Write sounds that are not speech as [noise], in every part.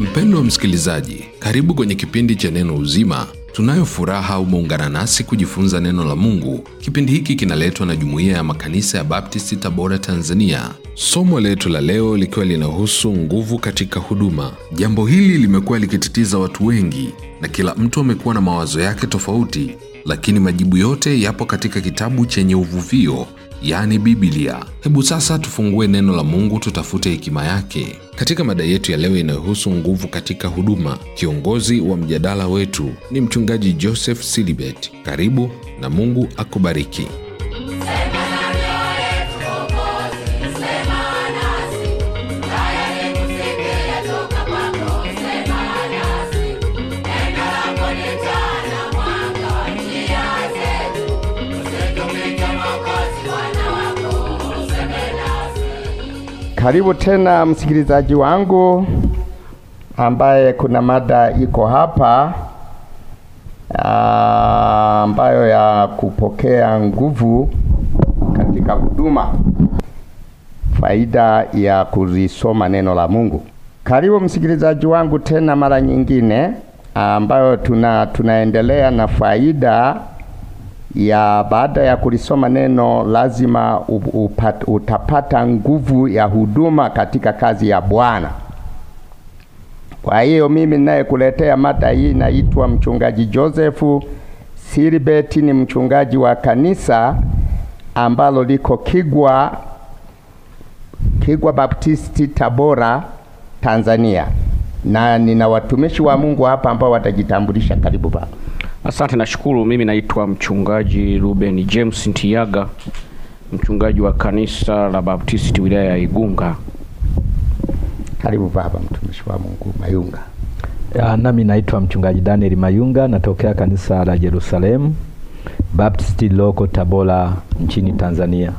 Mpendo wa msikilizaji, karibu kwenye kipindi cha Neno Uzima. Tunayo furaha umeungana nasi kujifunza neno la Mungu. Kipindi hiki kinaletwa na Jumuiya ya Makanisa ya Baptisti, Tabora, Tanzania. Somo letu la leo likiwa linahusu nguvu katika huduma. Jambo hili limekuwa likitatiza watu wengi na kila mtu amekuwa na mawazo yake tofauti, lakini majibu yote yapo katika kitabu chenye uvuvio yani Biblia. Hebu sasa tufungue neno la Mungu, tutafute hekima yake katika mada yetu ya leo inayohusu nguvu katika huduma. Kiongozi wa mjadala wetu ni Mchungaji Joseph Silibet. Karibu na Mungu akubariki. Karibu tena msikilizaji wangu ambaye kuna mada iko hapa ah, ambayo ya kupokea nguvu katika huduma, faida ya kulisoma neno la Mungu. Karibu msikilizaji wangu tena mara nyingine ambayo tuna tunaendelea na faida ya baada ya kulisoma neno lazima upat, utapata nguvu ya huduma katika kazi ya Bwana. Kwa hiyo mimi ninayekuletea mada hii naitwa mchungaji Josefu Silibeti, ni mchungaji wa kanisa ambalo liko Kigwa Kigwa Baptisti Tabora, Tanzania, na nina watumishi wa Mungu hapa ambao watajitambulisha. Karibu baba. Asante, na shukuru Mimi naitwa mchungaji Ruben James Ntiyaga, mchungaji wa kanisa la Baptisti wilaya ya Igunga. Karibu baba mtumishi wa Mungu Mayunga. Ya, ah, nami naitwa mchungaji Daniel Mayunga, natokea kanisa la Jerusalem Baptist loko Tabora nchini Tanzania.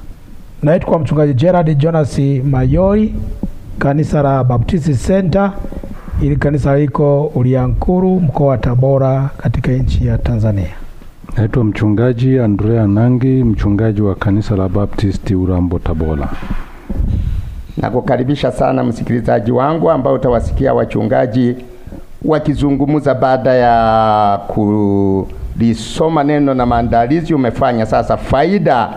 Naitwa mchungaji Gerard Jonas mayoi kanisa la Baptist Center ili kanisa liko Uliankuru, mkoa wa Tabora, katika nchi ya Tanzania. Naitwa mchungaji Andrea Nangi, mchungaji wa kanisa la Baptisti Urambo, Tabora. Nakukaribisha sana msikilizaji wangu ambao utawasikia wachungaji wakizungumza baada ya kulisoma neno na maandalizi umefanya. Sasa faida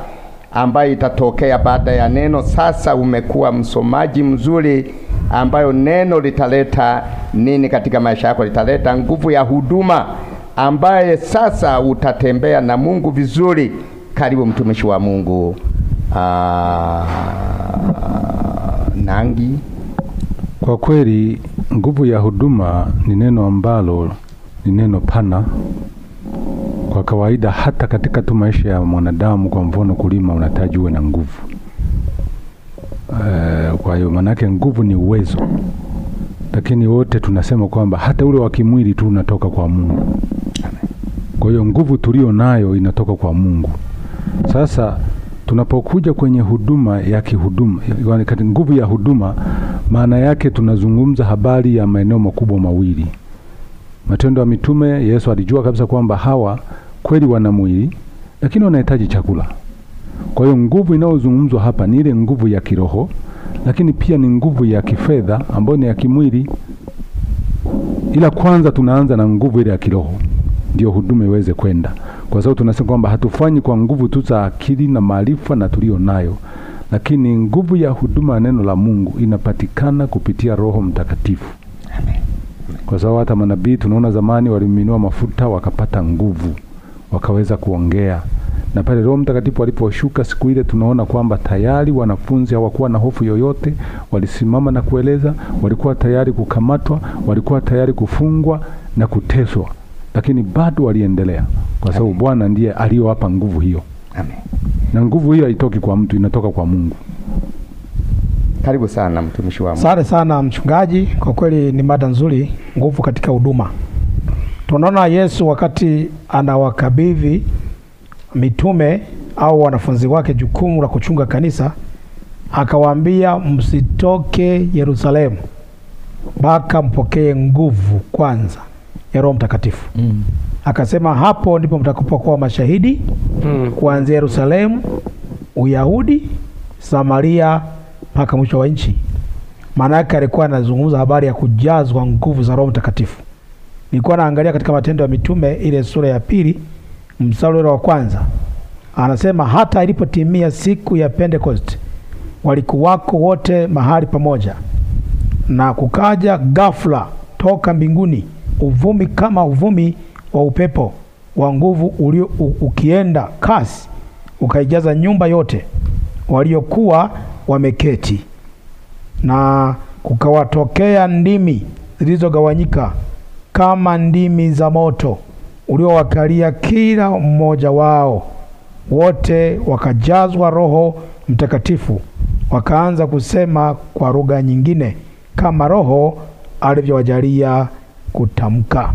ambayo itatokea baada ya neno, sasa umekuwa msomaji mzuri ambayo neno litaleta nini katika maisha yako? Litaleta nguvu ya huduma ambaye sasa utatembea na Mungu vizuri. Karibu mtumishi wa Mungu aa, ah, Nangi. Kwa kweli nguvu ya huduma ni neno ambalo ni neno pana kwa kawaida, hata katika tu maisha ya mwanadamu. Kwa mfano, kulima unahitaji uwe na nguvu Eh, kwa hiyo manake nguvu ni uwezo, lakini wote tunasema kwamba hata ule wa kimwili tu unatoka kwa Mungu. Kwa hiyo nguvu tulio nayo inatoka kwa Mungu. Sasa tunapokuja kwenye huduma ya kihuduma, yaani nguvu ya huduma, maana yake tunazungumza habari ya maeneo makubwa mawili. Matendo ya Mitume, Yesu alijua kabisa kwamba hawa kweli wana mwili, lakini wanahitaji chakula kwa hiyo nguvu inayozungumzwa hapa ni ile nguvu ya kiroho, lakini pia ni nguvu ya kifedha ambayo ni ya kimwili, ila kwanza tunaanza na nguvu ile ya kiroho ndio huduma iweze kwenda, kwa sababu tunasema kwamba hatufanyi kwa nguvu tu za akili na maarifa na tulio nayo, lakini nguvu ya huduma ya neno la Mungu inapatikana kupitia Roho Mtakatifu. Amen. Kwa sababu hata manabii tunaona zamani waliminua mafuta wakapata nguvu, wakaweza kuongea na pale Roho Mtakatifu aliposhuka siku ile, tunaona kwamba tayari wanafunzi hawakuwa na hofu yoyote, walisimama na kueleza. Walikuwa tayari kukamatwa, walikuwa tayari kufungwa na kuteswa, lakini bado waliendelea, kwa sababu Bwana ndiye aliyowapa nguvu hiyo. Amen. Na nguvu hiyo haitoki kwa mtu, inatoka kwa Mungu. Karibu sana mtumishi wangu. Asante sana mchungaji, kwa kweli ni mada nzuri, nguvu katika huduma. Tunaona Yesu wakati anawakabidhi mitume au wanafunzi wake jukumu la kuchunga kanisa, akawaambia msitoke Yerusalemu mpaka mpokee nguvu kwanza ya Roho Mtakatifu. mm. Akasema hapo ndipo mtakapokuwa mashahidi mm. kuanzia Yerusalemu, Uyahudi, Samaria mpaka mwisho wa nchi. Maana yake alikuwa anazungumza habari ya kujazwa nguvu za Roho Mtakatifu. Nilikuwa naangalia katika Matendo ya Mitume ile sura ya pili msalo wa kwanza anasema, hata ilipotimia siku ya Pentecost walikuwako wote mahali pamoja, na kukaja ghafla toka mbinguni uvumi kama uvumi wa upepo wa nguvu ulio ukienda kasi ukaijaza nyumba yote waliokuwa wameketi. Na kukawatokea ndimi zilizogawanyika kama ndimi za moto uliowakalia kila mmoja wao. Wote wakajazwa Roho Mtakatifu, wakaanza kusema kwa lugha nyingine kama Roho alivyowajalia kutamka.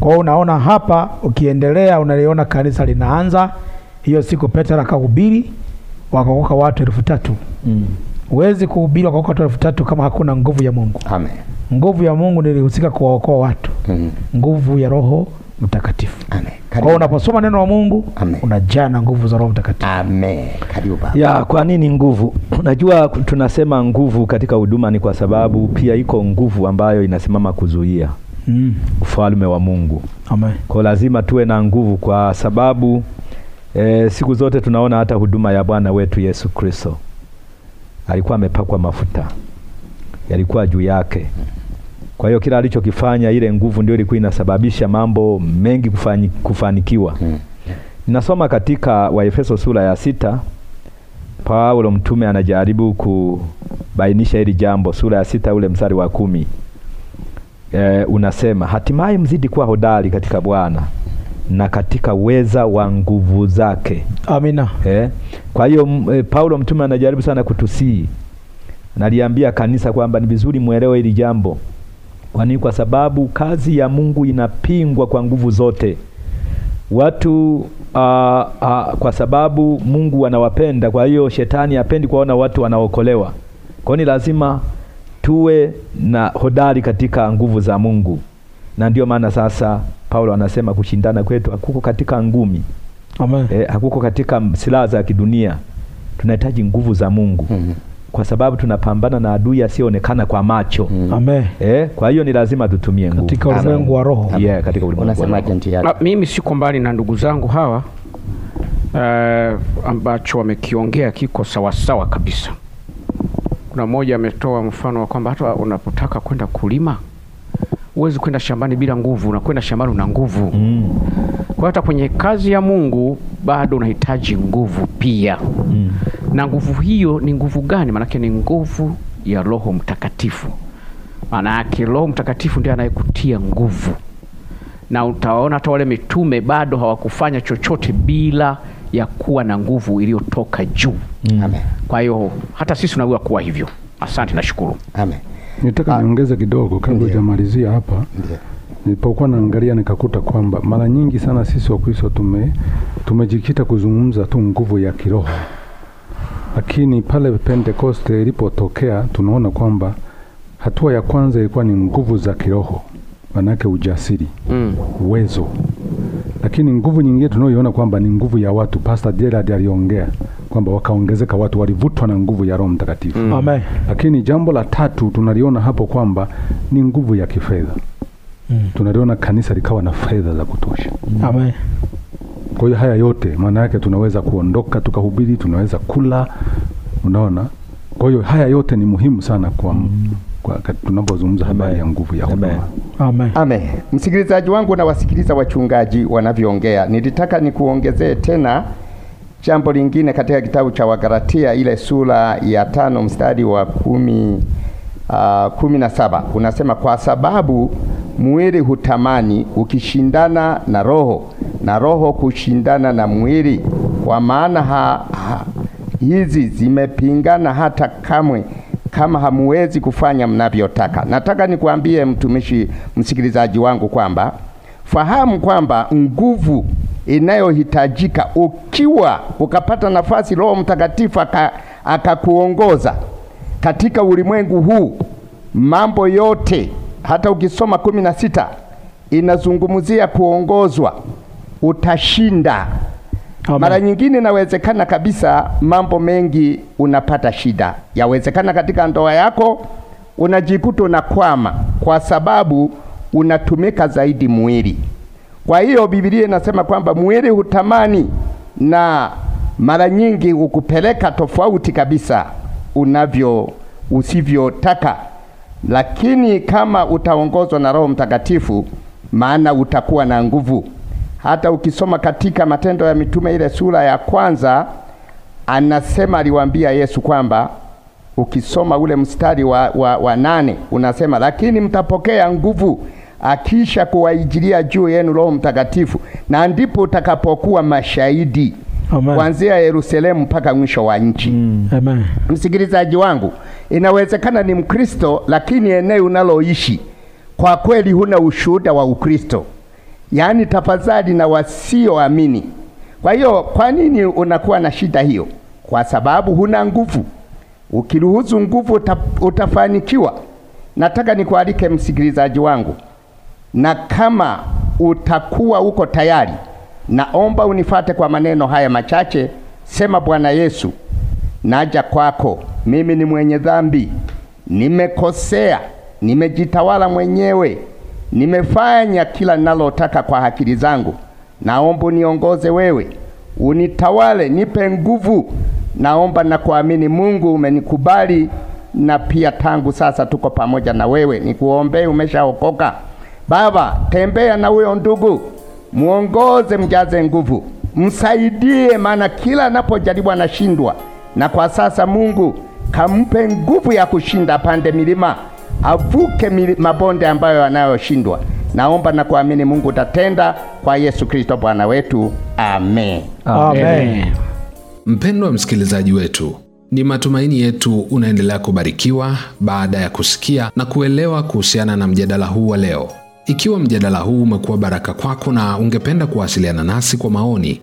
Kwa hiyo unaona hapa, ukiendelea unaliona kanisa linaanza. Hiyo siku Petro akahubiri wakaokoka watu elfu tatu. Mm. Huwezi kuhubiri wakaokoka watu elfu tatu kama hakuna nguvu ya Mungu. Amen. Nguvu ya Mungu nilihusika kuwaokoa watu. Mm. Nguvu ya Roho Mtakatifu. Amen. Kwa unaposoma neno wa Mungu unajaa na nguvu za Roho Mtakatifu. Amen. Karibu baba. Ya, kwa nini nguvu? [clears throat] Unajua tunasema nguvu katika huduma ni kwa sababu pia iko nguvu ambayo inasimama kuzuia mm. ufalme wa Mungu. Amen. Kwa lazima tuwe na nguvu kwa sababu e, siku zote tunaona hata huduma ya Bwana wetu Yesu Kristo alikuwa amepakwa mafuta yalikuwa juu yake mm. Kwa hiyo kila alichokifanya ile nguvu ndio ilikuwa inasababisha mambo mengi kufani, kufanikiwa hmm. Nasoma katika Waefeso sura ya sita, Paulo mtume anajaribu kubainisha hili jambo. Sura ya sita ule mstari wa kumi e, unasema hatimaye mzidi kuwa hodari katika Bwana na katika uweza wa nguvu zake. Amina. E, kwa hiyo e, Paulo mtume anajaribu sana kutusii, naliambia kanisa kwamba ni vizuri mwelewe hili jambo nini? kwa sababu kazi ya Mungu inapingwa kwa nguvu zote watu a, a, kwa sababu Mungu anawapenda, kwa hiyo shetani hapendi kuwaona watu wanaokolewa. Kwa ni lazima tuwe na hodari katika nguvu za Mungu, na ndiyo maana sasa Paulo anasema kushindana kwetu hakuko katika ngumi Amen. Eh, hakuko katika silaha za kidunia, tunahitaji nguvu za Mungu mm -hmm kwa sababu tunapambana na adui asiyeonekana kwa macho mm. Eh, Amen. Eh, kwa hiyo ni lazima tutumie nguvu katika ulimwengu wa roho. Yeah, katika ulimwengu wa roho. Ah, mimi siko mbali na ndugu zangu hawa uh, ambacho wamekiongea kiko sawasawa kabisa. Kuna mmoja ametoa mfano wa kwamba hata unapotaka kwenda kulima huwezi kwenda shambani bila nguvu, unakwenda shambani una nguvu mm. Kwa hata kwenye kazi ya Mungu bado unahitaji nguvu pia mm na nguvu hiyo ni nguvu gani? Maanake ni nguvu ya Roho Mtakatifu. Maana yake Roho Mtakatifu ndiye anayekutia nguvu, na utaona hata wale mitume bado hawakufanya chochote bila ya kuwa na nguvu iliyotoka juu. Mm. Kwa hiyo hata sisi tunaweza kuwa hivyo. Asante na shukuru. Amen. Nitaka ah. niongeze kidogo kabla hujamalizia hapa. Ndiyo. Nilipokuwa naangalia nikakuta kwamba mara nyingi sana sisi Wakristo tume tumejikita kuzungumza tu nguvu ya kiroho lakini pale Pentekoste ilipotokea, tunaona kwamba hatua ya kwanza ilikuwa ni nguvu za kiroho, manake ujasiri, mm. uwezo. Lakini nguvu nyingine tunayoiona kwamba ni nguvu ya watu, Pastor Gerard aliongea kwamba wakaongezeka watu, walivutwa na nguvu ya Roho Mtakatifu. mm. Amen. Lakini jambo la tatu tunaliona hapo kwamba ni nguvu ya kifedha. mm. Tunaliona kanisa likawa na fedha za kutosha. mm. Amen. Kwa hiyo haya yote maana yake tunaweza kuondoka tukahubiri, tunaweza kula, unaona. Kwa hiyo haya yote ni muhimu sana kwa mm. Tunapozungumza habari ya nguvu ya huduma. Amen. Amen. Msikilizaji wangu na wasikiliza wachungaji wanavyoongea, nilitaka nikuongezee tena jambo lingine katika kitabu cha Wagalatia ile sura ya tano mstari wa kumi, uh, kumi na saba unasema kwa sababu mwili hutamani ukishindana na roho, na roho kushindana na mwili, kwa maana ha, ha, hizi zimepingana, hata kamwe kama hamuwezi kufanya mnavyotaka. Nataka nikwambie mtumishi, msikilizaji wangu kwamba fahamu kwamba nguvu inayohitajika ukiwa ukapata nafasi Roho Mtakatifu akakuongoza katika ulimwengu huu mambo yote hata ukisoma kumi na sita inazungumzia kuongozwa, utashinda. Amen. Mara nyingine inawezekana kabisa mambo mengi unapata shida, yawezekana katika ndoa yako unajikuta unakwama kwa sababu unatumika zaidi mwili. Kwa hiyo Biblia inasema kwamba mwili hutamani na mara nyingi ukupeleka tofauti kabisa unavyo usivyotaka lakini kama utaongozwa na Roho Mtakatifu, maana utakuwa na nguvu. Hata ukisoma katika Matendo ya Mitume ile sura ya kwanza, anasema aliwaambia Yesu kwamba ukisoma ule mstari wa, wa, wa nane unasema, lakini mtapokea nguvu akisha kuwaijilia juu yenu Roho Mtakatifu, na ndipo utakapokuwa mashahidi kuanzia Yerusalemu mpaka mwisho wa nchi. Mm, amen. Msikilizaji wangu Inawezekana ni Mkristo, lakini eneo unaloishi kwa kweli huna ushuhuda wa Ukristo, yaani tafadhali na wasioamini. Kwa hiyo, kwa nini unakuwa na shida hiyo? Kwa sababu huna nguvu. Ukiruhusu nguvu utafanikiwa. Nataka nikualike msikilizaji wangu, na kama utakuwa uko tayari, naomba unifate kwa maneno haya machache. Sema, Bwana Yesu, naja kwako mimi ni mwenye dhambi, nimekosea, nimejitawala mwenyewe, nimefanya kila ninalotaka kwa akili zangu. Naomba niongoze wewe, unitawale, nipe nguvu. Naomba na kuamini Mungu umenikubali, na pia tangu sasa tuko pamoja na wewe. Nikuombee, umeshaokoka. Baba, tembea na huyo ndugu, muongoze, mjaze nguvu, msaidie, maana kila anapojaribu anashindwa. Na kwa sasa Mungu kampe nguvu ya kushinda, pande milima, avuke mabonde ambayo anayoshindwa. Naomba na kuamini Mungu utatenda kwa Yesu Kristo Bwana wetu. Amen. Amen. Amen. Mpendwa msikilizaji wetu, ni matumaini yetu unaendelea kubarikiwa baada ya kusikia na kuelewa kuhusiana na mjadala huu wa leo. Ikiwa mjadala huu umekuwa baraka kwako na ungependa kuwasiliana nasi kwa maoni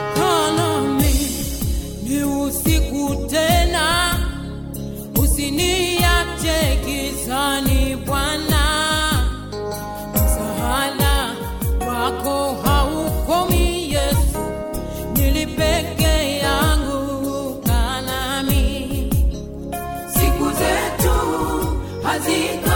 de